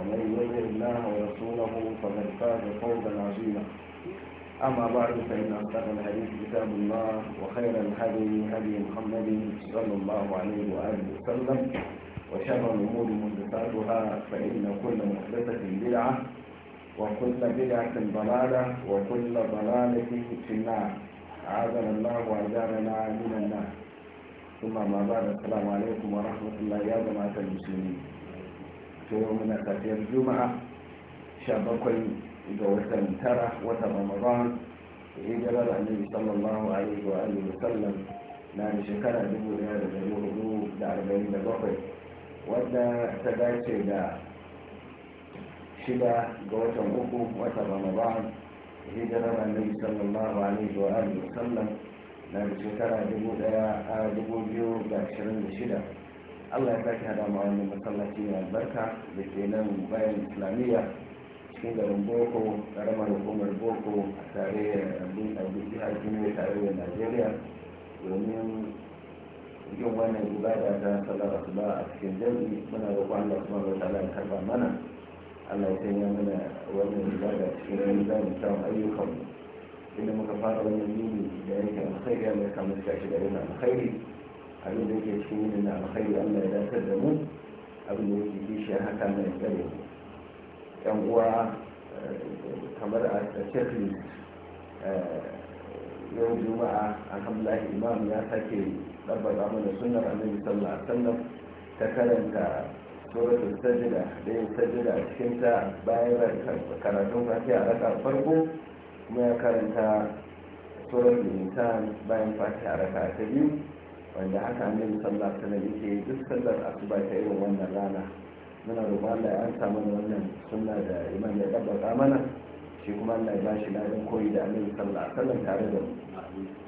ومن يطع الله ورسوله فقد فاز فوزا عظيما أما بعد فإن أصدق الحديث كتاب الله وخير الهدي هدي محمد صلى الله عليه وآله وسلم وشر الأمور محدثاتها فإن كل محدثة بدعة وكل بدعة ضلالة وكل ضلالة في النار عاذنا الله وأجارنا من النار ثم ما بعد السلام عليكم ورحمة الله يا جماعة المسلمين صومنا في الجمعة شبكنا جوتنا ترى وتر رمضان إجابة النبي صلى الله عليه وآله وسلم نعم شكرا لبور هذا جميل حدود دعربين لبقي ودى تدايش دا شبا قوتا مقو وتا رمضان هجرة النبي صلى الله عليه وآله وسلم نعم شكرا لبور هذا جميل حدود بين لبقي allah ya sake hada ma wannan masallaci mai albarka da ke nan bayan islamiyya cikin garin boko karamar hukumar boko a tare da tarayyar ya tare da najeriya domin yin wannan ibada ta sallar asuba a cikin jami'i muna roƙon allah kuma wa tare da karba mana allah ya sanya mana wannan ibada cikin ranar zamu samu ayyukanmu inda muka fara wannan yini da yake alkhairi allah ya kama shi da yana alkhairi abin da yake cikin yin na alkhairi allah ya dakar da mu abin da yake kishiyar haka mai tsare yan uwa eh, kamar a checklist eh, yau juma'a alhamdulillah imam ya sake ɗabbaka mana sunnar annabi sallallahu alaihi wasallam ta karanta suratul sajda da yin sajda cikin ta bayan karatun fatiha a raka farko kuma ya karanta suratul insan bayan fatiha a raka ta biyu wanda haka yi sallah ta nabi yake duk sallar asuba ta irin wannan rana muna roƙon Allah ya ansa wannan sunna da iman ya dabbaka mana shi kuma Allah ya bashi ladan koyi da annabi sallah alaihi tare da mu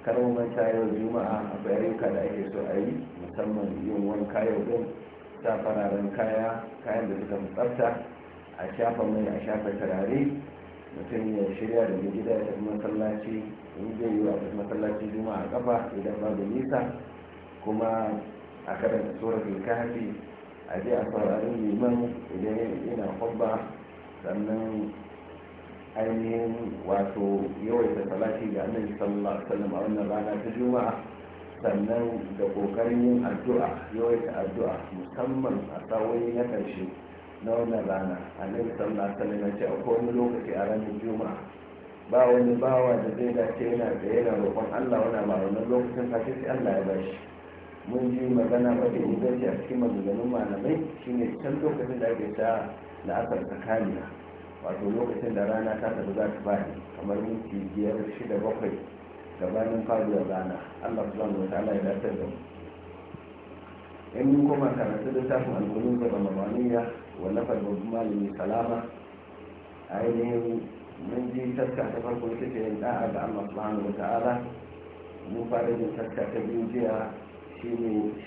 kar mu manta yau juma'a akwai ayyuka da ake so a yi musamman yin wani yau din sa fararen kaya kayan da suka tsafta a shafa mai a shafa turare mutum ya shirya da gida ya tafi masallaci in zai yi wa masallaci juma'a kafa idan babu nisa kuma a karanta suratul kafi a ji a saurari liman idan yana kwabba sannan ainihin wato yawaita salati ga annabi sallallahu alaihi wasallam a wannan rana ta juma'a sannan da kokarin yin addu'a yawaita addu'a musamman a tsawon na karshe na wannan rana annabi sallallahu alaihi wasallam ya ce a wani lokaci a ranar juma'a ba wani bawa da zai dace yana da yana roƙon Allah wana ma wannan lokacin kashe sai Allah ya bashi mun yi magana da inganci a cikin maganganun malamai shine can lokacin da ake ta la'akar tsakaniya wato lokacin da rana ta tafi za ta bani kamar minti biyar shida bakwai gabanin faduwar rana allah subhanahu zama wata ya dace da mu in mun koma karatu littafin alkulun da ramadaniya wallafar babban malami salama ainihin mun ji taska ta farko ita da'a ga allah subhanahu wa ta'ala mun fara yin taska ta biyu jiya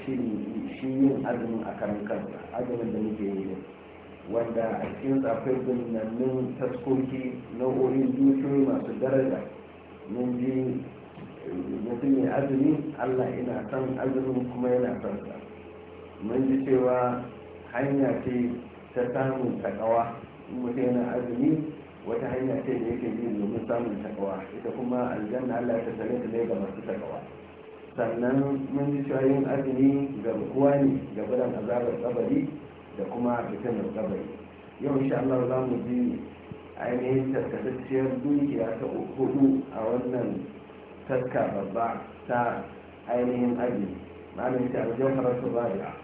shi yin azumin a kan kansa azumin da muke yi wanda a cikin akwai binnannin taskoki nau'o'in dukiyoyi masu daraja mun ji mutum ya azumi allah ina son azumin kuma yana son sa mun ji cewa hanya ce ta samun takawa mutum yana azumi wata hanya ce da yake bi domin samun takawa ita kuma aljanna allah ta tare ta ga masu takawa sannan mun ji shayin azumi ga rukuwa ne ga gudan azabar tsabari da kuma da tsabari yau insha Allah za mu ji ainihin tattatacciyar dukiya ta hudu a wannan taska babba ta ainihin azumi malam ta ba da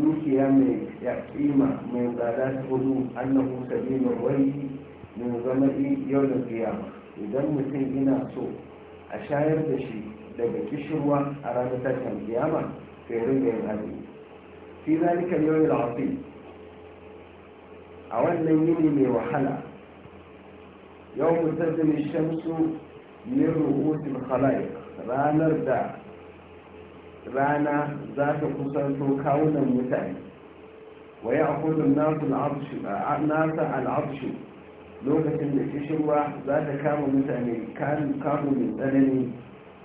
dukiya mai yaƙima mai tsada ta hudu annahu sabilul wani mai zama yau da kiyama idan mutum ina so a shayar da shi daga kishirwa a ranar tashin kiyama sai ringa yin azumi fi zalika a wannan yini mai wahala yawon musaddin shamsu min ru'usul khala'iq ranar da rana za ta kusanto kawunan mutane wa ya akudun nasa al'abshi lokacin da kishirwa za ta kama mutane kamun tsanani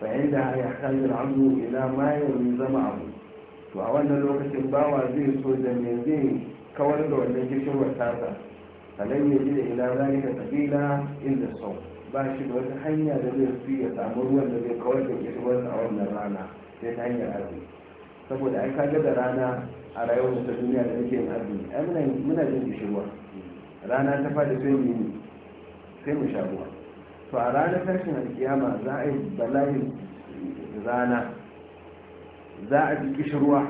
فعندها يحتاج العبد إلى ما zama abu to a wannan lokacin bawa zai so da me zai kawar da wannan kishirwar tasa alam ya ji da ila ka sabila inda sau ba shi da wata hanya da zai fi ya samu ruwan da zai kawar da kishirwar a wannan rana sai ta hanyar azumi saboda an kaga da rana a rayuwar ta duniya da nake yin azumi ai muna muna jin kishirwa rana ta fada sai mu sai mu sha ruwa to a ranar tashin alkiyama za a yi balayin rana za a ji kishirwa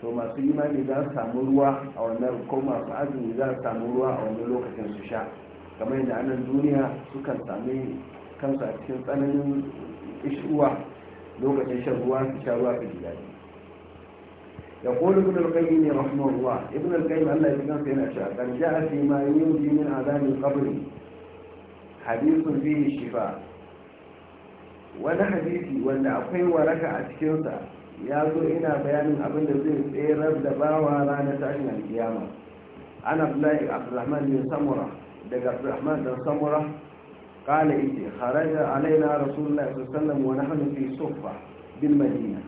to masu imani za su samu ruwa a wannan ko masu azumi za su samu ruwa a wannan lokacin su sha kamar yadda anan duniya sukan sami kansu a cikin tsananin kishirwa lokacin shan ruwa su sha ruwa ka gida يقول ابن القيم رحمه الله ابن القيم الله a خير ma yi فيما ينجي من عذاب القبر hadisun bihi shifa wani hadisi wanda akwai waraka a cikinsa ya zo ina bayanin abin da zai tserar da bawa ranar tashin alkiyama ana abdullahi abdurrahman bin samura daga abdurrahman dan samura kala ita خرج علينا رسول الله صلى الله عليه وسلم ونحن madina صفة بالمدينة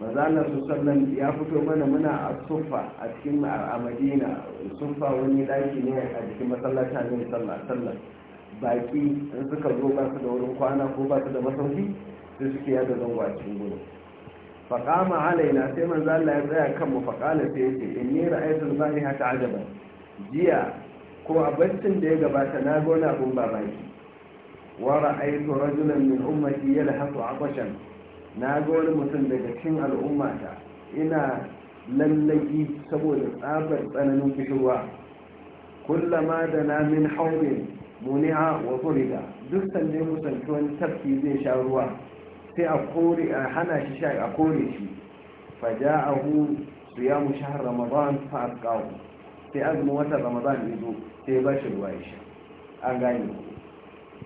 وزعلنا صلى الله عليه وسلم يأخذ a منا الصفة أتكلم المدينة الصفة وني لايكي نيه أتكلم صلى الله baki in suka zo ba su da wurin kwana ko ba su da masauki sai suke yada zan gudu faƙama na sai manzo Allah ya tsaya kan mu faƙala sai ni ra'ayin ra'aytu al ta ajaba jiya ko a baccin da ya gabata na gona abin ba baki wa ra'aytu rajulan min ummati a kwashen na ga mutum daga cikin al'ummata ina lallaki saboda tsabar tsananin kishirwa kullama da na min haurin muni'a wa zurida duk sanda ya kusanci wani tafki zai sha ruwa sai a kore a hana shi sha a kore shi fa ja'ahu siyamu shahr ramadan fa asqahu sai azumin wata ramadan ya zo sai ba shi ruwa ya sha an gane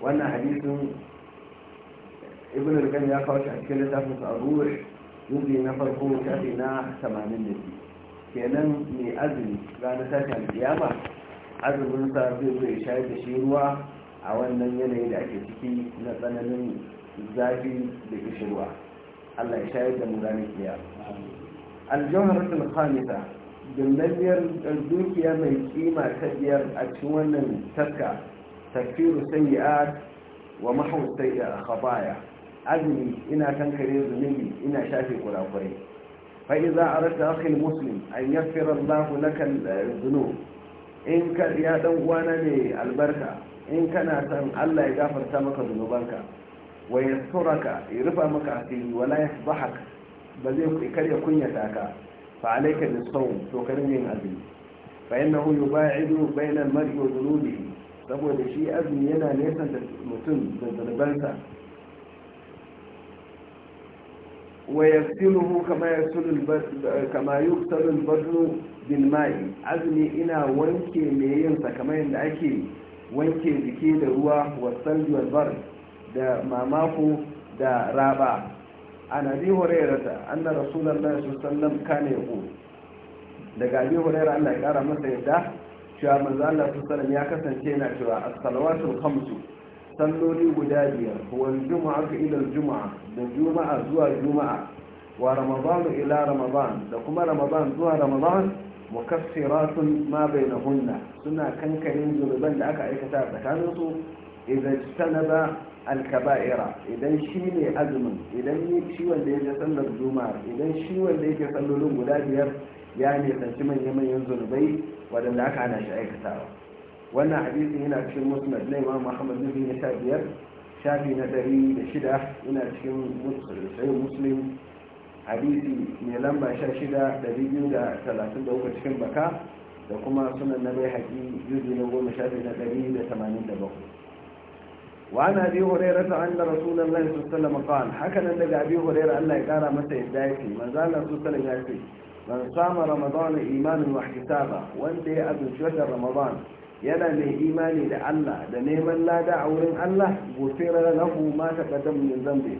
wannan hadisin ibn rukan ya kawo shi a cikin littafin sa ruwa yuzi na farko shafi na 82 kenan mai azumi ranar tashin alkiyama azuminsa zai zo ya shayar da shi ruwa a wannan yanayi da ake ciki na tsananin zafi da kishirwa allah ya shayar da mu ranar kiyar aljawharatul khamisa dindanniyar dukiya mai kima ta biyar a cikin wannan taska tafiru sayi'at wa a sayi'a khabaya azumi ina kankare zunubi ina shafe kurakurai fa'iza a rasa akhil muslim an yaghfira allah laka dhunub in ka ya dan uwana ne albarka in kana san Allah ya gafarta maka zunubanka wa yasturaka ya rufa maka asiri wala yasbahak ba zai karya kunya ka fa alayka bisawm to kare yin azumi fa innahu yubaidu bayna al-mar'i wa dhunubihi saboda shi azumi yana nesa da mutum da zunubansa ويغسله كما يغسل كما يغسل البدن بالماء عزمي انا وانكي ميين كما يند اكي wanke jiki da ruwa wasan bar da mamako da raba a nabi horerata anna rasulallah sallam kana ya daga abi horera allah ya kara masa yadda cewa manzo allah sallam ya kasance yana cewa as-salawatul khamsu salloli guda biyar wal juma'a ka ila juma'a da juma'a zuwa juma'a wa ramadan ila ramadan da kuma ramadan zuwa ramadan mukaffiratun ma hunna suna kankanin zunuban da aka aikata a tsakanin su idan ba alkaba'ira idan shi ne azumin idan shi wanda yake sallar juma'a idan shi wanda yake sallolin guda biyar ya ne sanci manya-manyan zunubai wadanda aka hana shi aikatawa wannan hadisin yana cikin musnad na imam muhammad bin ya biyar shafi na dari da shida yana cikin sayin muslim hadisi mai lamba sha shida dari biyu da talatin da uku cikin baka da kuma sunan na bai haƙi juzi na goma shafi na dari da tamanin da bakwai وعن أبي هريرة أن رسول الله صلى الله عليه وسلم قال ya لك أبي هريرة أن لا يقال متى إدايتي ما زال رسول الله sama من imanin رمضان إيمانا wanda ya أبن شهر رمضان yana mai imani da Allah da neman lada a wurin Allah gufira lahu ma taqaddama min zambi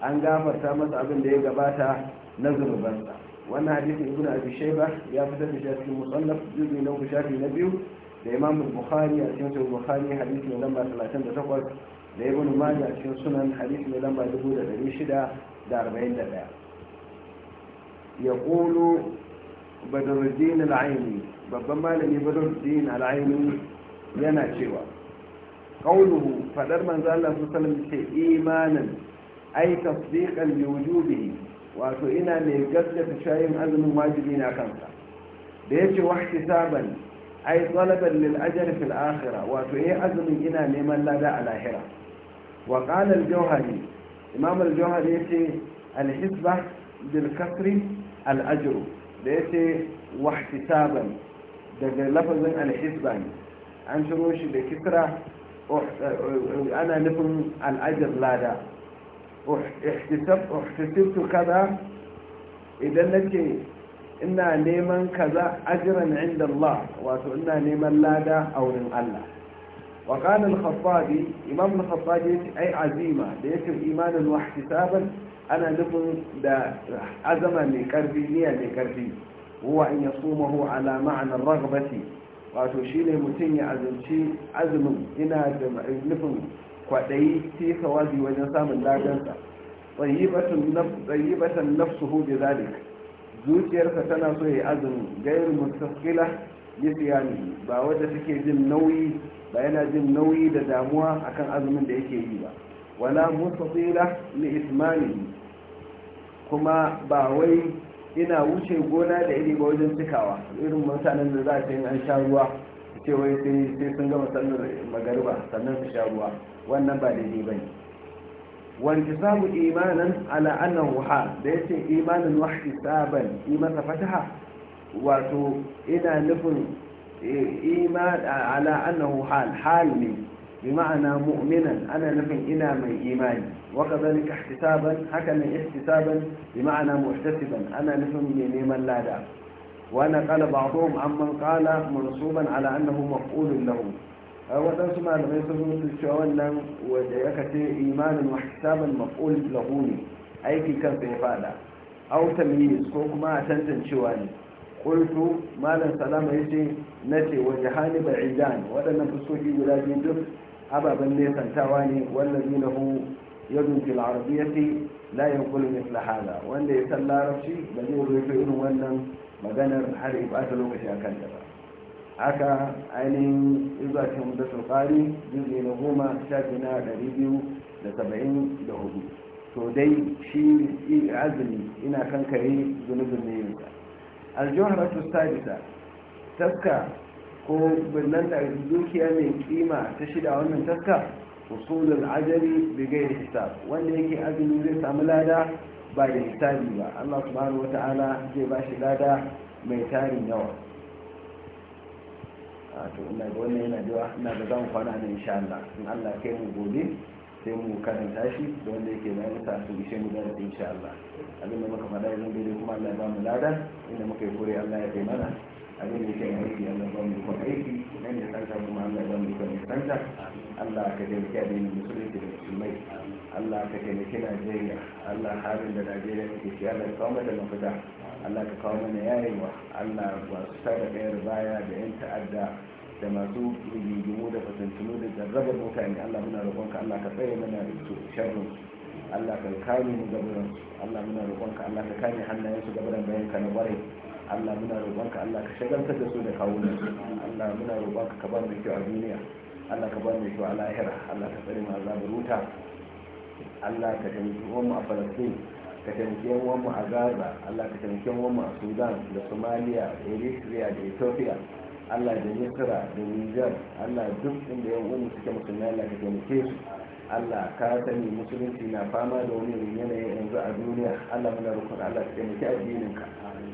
an gafarta masa abin da ya gabata na zunubansa wannan hadisin ibn abi shayba ya fitar da shi cikin musannaf juzu na shafi na biyu da imam bukhari a cikin sahih bukhari hadisi mai lamba 38 da ibn majah a cikin sunan hadisi mai lamba 1641 yaqulu badruddin al-aini babban malami badruddin al'aini yana cewa qawluhu fadar manzo Allah sallallahu alaihi imanan ay tasdiqan li wujubihi wato ina gaske gaskata shayin azumin wajibi na kansa da yace wahtisaban ay talaban lil ajri fil akhirah wato eh azumin ina neman lada a lahira wa qala al-jawhari imam al-jawhari yace al-hisba bil kasri al-ajru da yace wahtisaban daga lafazin alhisba ne an shiro shi da kisra uh, uh, ana nufin al'ajar lada uh, ihtisabtu kaza idan nake ina neman kaza ajiran inda Allah wato ina neman lada a wurin Allah wa qala al-khattabi imam al-khattabi yace ai azima da yake imanin wa ana nufin da azama mai karfi niyya mai karfi huwa an yasumahu ala ma'ana raghbati wato shine mutum ya azumci azumin ina da nufin kwaɗayi fi sawabi wajen samun ladansa tsayibatan nafsu tayyibatan bi zalik zuciyarsa tana so yi azumin gairu mustaqila li siyami ba wadda take jin nauyi ba yana jin nauyi da damuwa akan azumin da yake yi ba wala mustatila ni ismani kuma ba wai ina wuce gona da iri ba wajen cikawa irin mutanen da za a an sha ruwa ce wai sai sun gama sallar magariba sannan su sha ruwa wannan ba daidai ba ne wanti samu imanin ala wuha da ya ce imanin wahi saban yi fataha wato ina nufin eh, ala annan wuha hal ne بمعنى مؤمنا أنا نفن إنا من إيماني وكذلك احتسابا هكذا احتسابا بمعنى محتسبا أنا نفن من إيمان لا دعم وأنا قال بعضهم عمن قال منصوبا على أنه مفعول له waɗansu malamai sun rubuta cewa wannan wanda ya kace imanin wa hisaban maf'ul ne aiki kansa ya fada aw tamyiz ko kuma a tantancewa ne qultu malam salama yace nace wa jahanib al waɗannan fuskoki guda biyu duk ababen nesantawa ne wallazi na hu yadun fil arabiyyati la yanqulu mithla hada wanda ya san larabci ba zai rufe irin wannan maganar har ya bata lokaci a kanta ba haka ainihin izuwa cikin mudassar ƙari na goma shafi na ɗari biyu da saba'in da hudu to dai shi azumi ina kankare zunubin ne yanka aljihar rasu bisa taska ko birnan da dukiya mai kima ta shida wannan taska usulul ajali bi da hisab wanda yake azumi zai samu lada ba da hisabi ba Allah subhanahu wata'ala zai ba shi lada mai tarin yawa a to ina ga wannan yana da ina ga zan kwana nan insha Allah in Allah kai mu gobe sai mu karanta shi da wanda yake bayan sa su ishe mu da insha Allah da muka faɗa yanzu dai kuma Allah ya ba mu lada inda muka yi kore Allah ya kai mana abin da yake aiki Allah ba mu kon aiki nan da kanta kuma Allah ba mu kon kanta Allah ka taimaki addinin musulunci da musulmai Allah ka taimaki Najeriya Allah halin da Najeriya take ciki Allah ka kawo da mafita Allah ka kawo mana yayewa Allah ba su tada kayar baya da yan ta'adda da masu rigimu da fatantunu da jarrabar mutane Allah muna roƙonka Allah ka tsaye mana da sharrin Allah ka kame mu gabaran. Allah muna roƙonka Allah ka kame hannayen su bayan ka na ƙwarai Allah muna roƙonka Allah ka shagaltar da su da kawunan Allah muna roƙonka ka ba mu kyau a duniya Allah ka ba mu kyau a lahira Allah ka tsare mu azabar wuta Allah ka taimaki mu a Falastin ka taimaki mu a Gaza Allah ka taimaki mu a Sudan da Somalia da Eritrea da Ethiopia Allah da Misra da Niger Allah duk inda yan uwan suke musulmai Allah ka taimake su Allah ka sani musulunci na fama da wani yanayi yanzu a duniya Allah muna rukun Allah ka taimaki addininka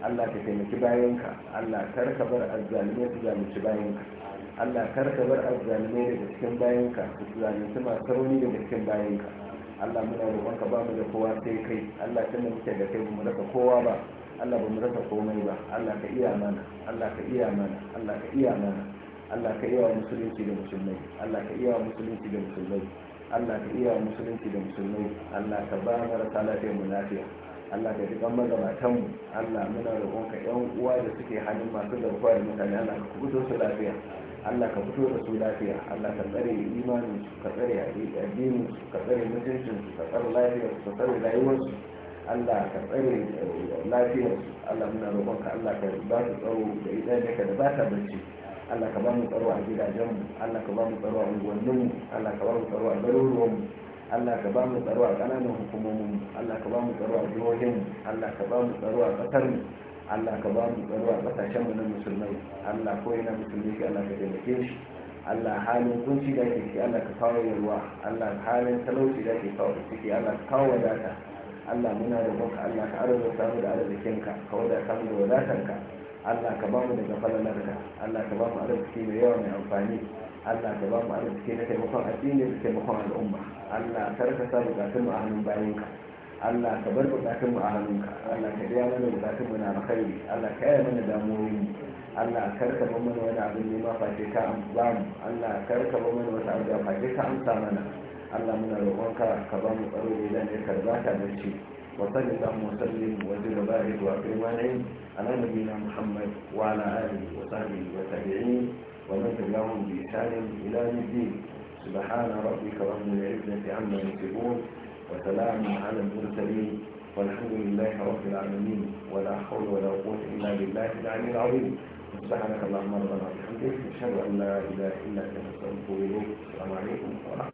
Allah ka taimaki bayanka Allah kar ka bar azzalimai su zalunci bayanka Allah kar ka bar azzalimai daga cikin bayanka su zalunci masu rauni daga cikin bayanka Allah muna rukun ka bamu da kowa sai kai Allah tunda muke da kai mu rasa kowa ba Allah ba mu rasa komai ba Allah ka iya mana Allah ka iya mana Allah ka iya mana Allah ka iya wa musulunci da musulmai Allah ka iya wa musulunci da musulmai Allah ka iya musulunci da musulmai Allah ka ba marasa lafiya mu lafiya Allah ka ji kan magabatanmu Allah muna roƙonka yan uwa da suke hannun masu da da mutane Allah ka fito su lafiya Allah ka fito da su lafiya Allah ka tsare imanin su ka tsare addinin su ka tsare mutuncin su ka tsare lafiyar su ka tsare rayuwar su Allah ka tsare eh, lafiyar su Allah muna roƙonka Allah ka ba su tsaro da idan da ka da ba ta bacci Allah ka bamu tsaro a gidajenmu Allah ka bamu tsaro a unguwanninmu Allah ka bamu tsaro a garuruwanmu Allah ka bamu tsaro a ƙananan hukumomin Allah ka bamu tsaro a jihohinmu Allah ka bamu tsaro a ƙasarmu Allah ka bamu tsaro a ƙasashenmu na musulmai Allah ko yana musulmi shi Allah ka taimake shi Allah halin kunci da ke ciki Allah ka kawo yarwa Allah halin talauci da ke kawo ciki Allah ka kawo wadata Allah muna roƙonka Allah ka arzuta mu da arzikinka ka wadata mu da wadatanka Allah ka ba mu daga falalarka Allah ka ba mu arziki mai yawa mai amfani Allah ka ba mu arziki na taimakon addini da taimakon al'umma Allah kar sa bukatun mu a hannun bayanka Allah ka bar bukatun mu a hannunka Allah ka biya mana bukatun mu na alkhairi Allah ka yaya mana damuwoyin Allah kar ka bar mana wani abin nema face ka amsa mu Allah kar ka bar mana wata abin face ka amsa mana Allah muna roƙonka ka ba mu tsaro da ne ka ba ta da shi وصلت اللهم وسلم وزد وبارك واكرم على نبينا محمد وعلى اله وصحبه والتابعين ومن تبعهم باحسان الى الدين سبحان ربك رب العزه عما يصفون وسلام على المرسلين والحمد لله رب العالمين ولا حول ولا قوه الا بالله العلي العظيم سبحانك اللهم ربنا وبحمدك أشهد ان لا اله الا انت نستغفرك السلام عليكم ورحمه الله